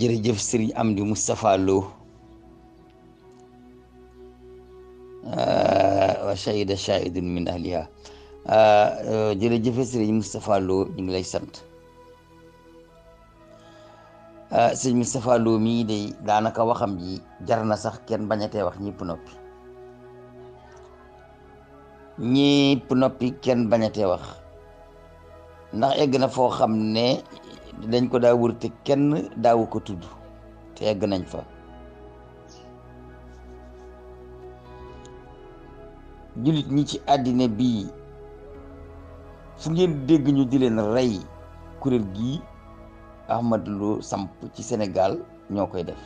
jërëjëf Serigne Amdi Moustapha Lo ah, wa shahida shahidun min ahliha ah, jërëjëf Serigne Moustapha Lo ñu ngi lay sant ah, sëñ Moustapha Lo mii de daanaka waxam ji jar na sax kenn bañatee wax ñëpp noppi ñëpp noppi kenn bañatee wax ndax egg na foo xam ne dañ ko daa wër te kenn daawu ko tudd te egg nañ fa jullit ñi ci àddina bi fu ngeen dégg ñu di leen rey kuréel gii Ahmad Lo samp ci Sénégal ñoo koy def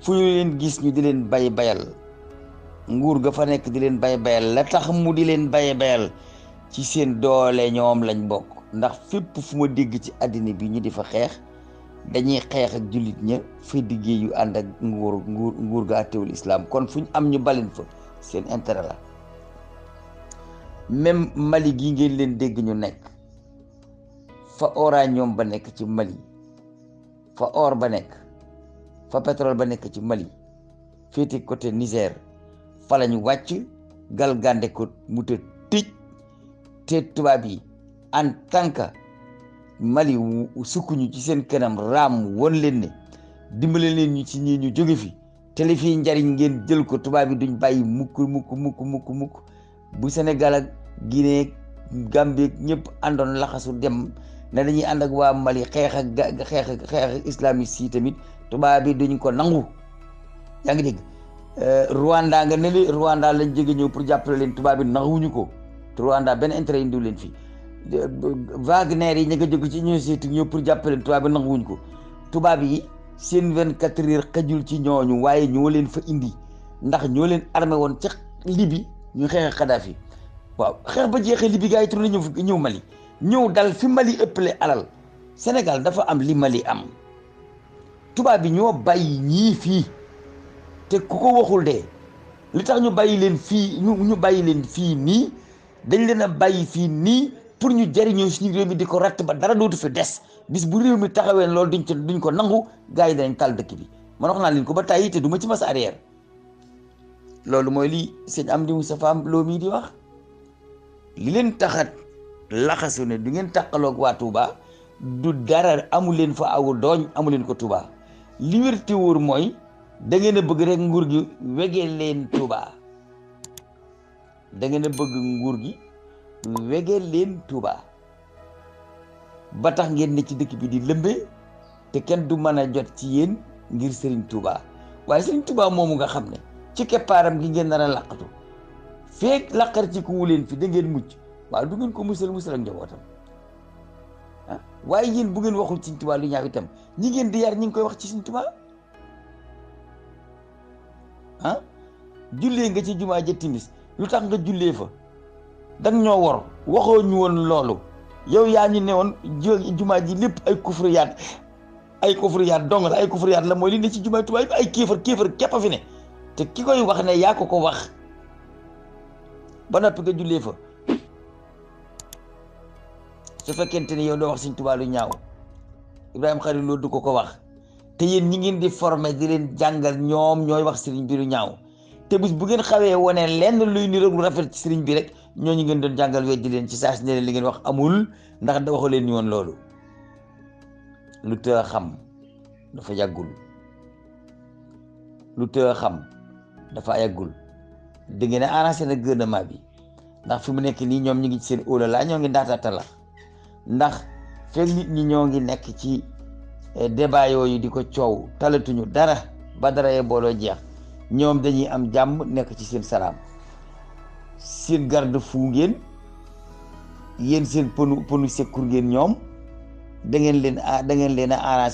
fu ñu leen gis ñu di leen bay bayal nguur ga fa nekk di leen bay bayal la tax mu di leen bay bayal ci seen doole ñoom lañ bokk ndax fépp fu ma dégg ci àddina bi ñu di fa xeex dañuy xeex ak jullit ña fay diggéey yu ànd ak nguur nguur nguur ga àttewul islam kon fuñ am ñu balin fa seen intérêt la même mali gi ngeen leen dégg ñu nekk fa uranium ba nekk ci mali fa or ba nekk fa pétrole ba nekk ci mali féete côté niger fa lañu wàcc galgande ko mu tëj te tubaab yi en tant que Mali sukk ñu ci seen kanam raam won leen ne dimbale leen ñu ci ñii ñu jóge fi te li njariñ ngeen jël ko tubaab yi duñ bàyyi mukk mukk mukk mukk bu Sénégal ak Guinée Gambie ñëpp àndoon laxasu dem na dañuy ànd ak waa Mali xeex ak ga xeex ak yi tamit tubaab yi duñ ko nangu yaa ngi dégg euh, Rwanda nga ne li lañ jóge ñëw pour jàppale leen tubaab yi nanguwuñu ko. Rwanda benn intérêt indiw leen fii Wagner yi ña nga jóg ci Union soviétique ñëw pour jàppale tubaab bi nanguwuñ ko tubaab yi seen vingt quatre heures xajul ci ñooñu waaye ñoo leen fa indi ndax ñoo leen armé woon ca Libi ñu xeex Kadhafi waaw xeex ba jeexee Libi gars yi tourné ñëw ñëw Mali ñëw dal fi Mali ëpp ëppale alal senegal dafa am li Mali am tubaab bi ñoo bàyyi ñii fii te ku ko waxul de li tax ñu bàyyi leen fii ñu bàyyi leen fii nii dañ leen a bàyyi fii nii pour ñu jariñoo suñu réew mi di ko ratt ba dara dootu fi des bis bu réew mi taxawee loolu duñ ci duñ ko nangu gars yi danañ taal dëkk bi man wax naa leen ko ba tàyyi te du ci mas arrière loolu mooy li sëñ am di Moustapha Lo mii di wax li leen taxat laxasu ne du ngeen tàqaloog waa Touba du dara amu leen fa awu dooñ amu leen ko Touba li wér te wóor mooy da ngeen a bëgg rek nguur gi wegee leen Touba da ngeen a bëgg nguur gi wege leen tubaa ba tax ngeen ne ci dëkk bi di lëmbe te kenn du mën a jot ci yéen ngir Serigne Touba waaye Serigne Touba moomu nga xam ne ci keppaaram gi ngeen nar a laqatu feek laqar ci ku leen fi dangeen mucc waaw du ngeen ko musal musal ak njabootam ah, waaye yéen bu ngeen waxul Serigne Touba lu ñaaw itam ñi ngeen di yar ñi ngi koy wax ci Serigne Touba ah, jullee nga ci jumaa ja timis lu tax nga jullee fa da ñoo wor waxoo woon loolu yow yaa ñu ne woon jumaa ji lépp ay kufriyaat ay kufriyaat dong la ay kufriyaat la mooy li ne ci jumaa Tuubaa bi ay kéefar kéefar képp fi ne te ki koy wax ne yaa ko ko wax ba noppi nga jullee fa su fekkente ne yow doo wax Sëñ Tuubaa lu ñaaw Ibrahima Khalil Lo du ko ko wax te yéen ñi ngeen di former di leen jàngal ñoom ñooy wax sëriñ bi lu ñaaw te bés bu ngeen xawee wane lenn luy niroog lu rafet ci sëriñ bi rek ñoo ñu ngeen doon jàngal weddi leen ci saas ne leen li ngeen wax amul ndax da waxu leen ñu woon loolu lu tëë xam dafa yàggul lu tëë xam dafa yàggul da ngeen a arrangé na gouvernement bi ndax fi mu nekk nii ñoom ñu ngi ci seen óola laa ñoo ngi ndaataata la ndax fekk nit ñi ñoo ngi nekk ci eh, débat yooyu di ko coow talatuñu dara ba dara yee booloo jeex ñoom dañuy am jàmm nekk ci seen salaam seen garde fu ngeen yéen seen pënu pënu secours ngeen ñoom da ngeen leen a da ngeen leen a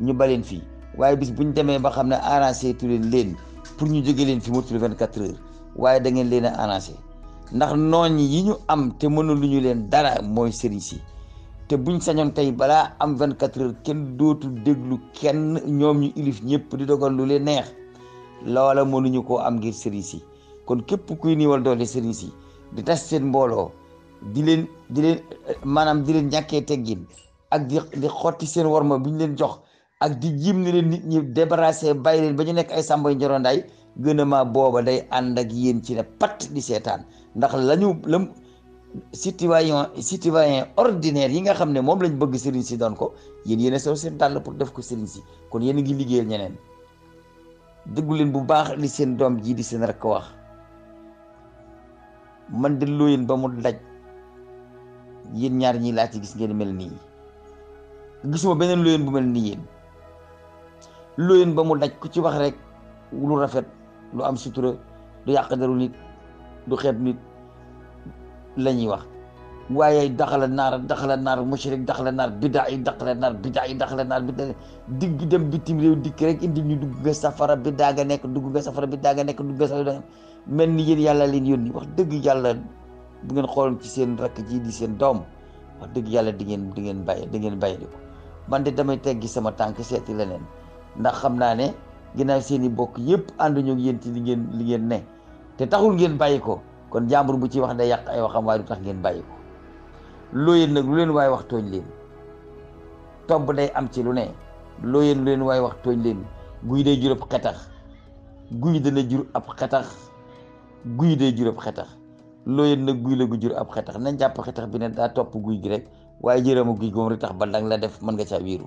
ñu baleen fii waaye bis bu ñu demee ba xam ne arrangé tu leen leen pour ñu jóge leen fi motul vingt quatre heures waaye da ngeen leen a arrangé ndax nooñ yi ñu am te mëna lu leen dara mooy sëriñ si te buñ sañoon tey balaa am vingt quatre kenn dootul déglu kenn ñoom ñu ilif ñëpp di dogal lu leen neex loola mënuñu koo am ngir sëriñ si kon képp kuy niiwal doole sëriñ si di tas seen mbooloo di leen di leen maanaam di leen ñàkkee teggin ak di xotti seen warma bi ñu leen jox ak di jim ne leen nit ñi débarrassé bàyyi leen ba ñu nekk ay sàmba njorondaay gën a booba day ànd ak yéen ci ne pat di seetaan ndax lañu lam citoyen citoyen ordinaire yi nga xam ne moom lañ bëgg sëriñ si doon ko yéen yéen soo seen dàll pour def ko sëriñ si kon yéen a ngi liggéeyal déglu leen bu baax li seen doom jii di seen rakk wax man de looyeen ba mu daj yéen ñaar ñii laa ci gis ngeen mel nii gisuma beneen looyeen bu mel nii yéen looyeen ba mu daj ku ci wax rek lu rafet lu am sutura lu yàq daru nit du xeeb nit la ñuy wax waaye daxala naar daxala naar mushrik daxala naar bidaa yi daxala naar bidaa yi daxala naar bidaa digg dem bitim réew dikk rek indi ñu dugg nga safara bi daa nga nekk nga safara bi daa nga nekk nga safara mel ni yéen yàlla leen yoni wax dëgg yàlla bu ngeen xooloon ci seen rakk ji di seen doom wax dëgg yàlla di ngeen di ngeen di ngeen ko man de damay teggi sama tànk seeti leneen ndax xam ne ginnaaw seen i bokk andu ànduñu ak ci li ngeen li ngeen ne te taxul ngeen bàyyi ko kon jàmbur bu ci wax day yàq ay waxam waaye ngeen ko loo looyeen nag lu leen waaye wax tooñ leen tobb day am ci lu ne looyeen lu leen waaye wax tooñ leen guy day jur ab xetax guy dana jur ab xetax guy day jur xetax xetax yen nag guy la gu jur ab xetax nañ jàpp xetax bi ne daa topp guy gi rek waaye jërëma guy gi moom rek tax ba dang la def mën nga caa wiiru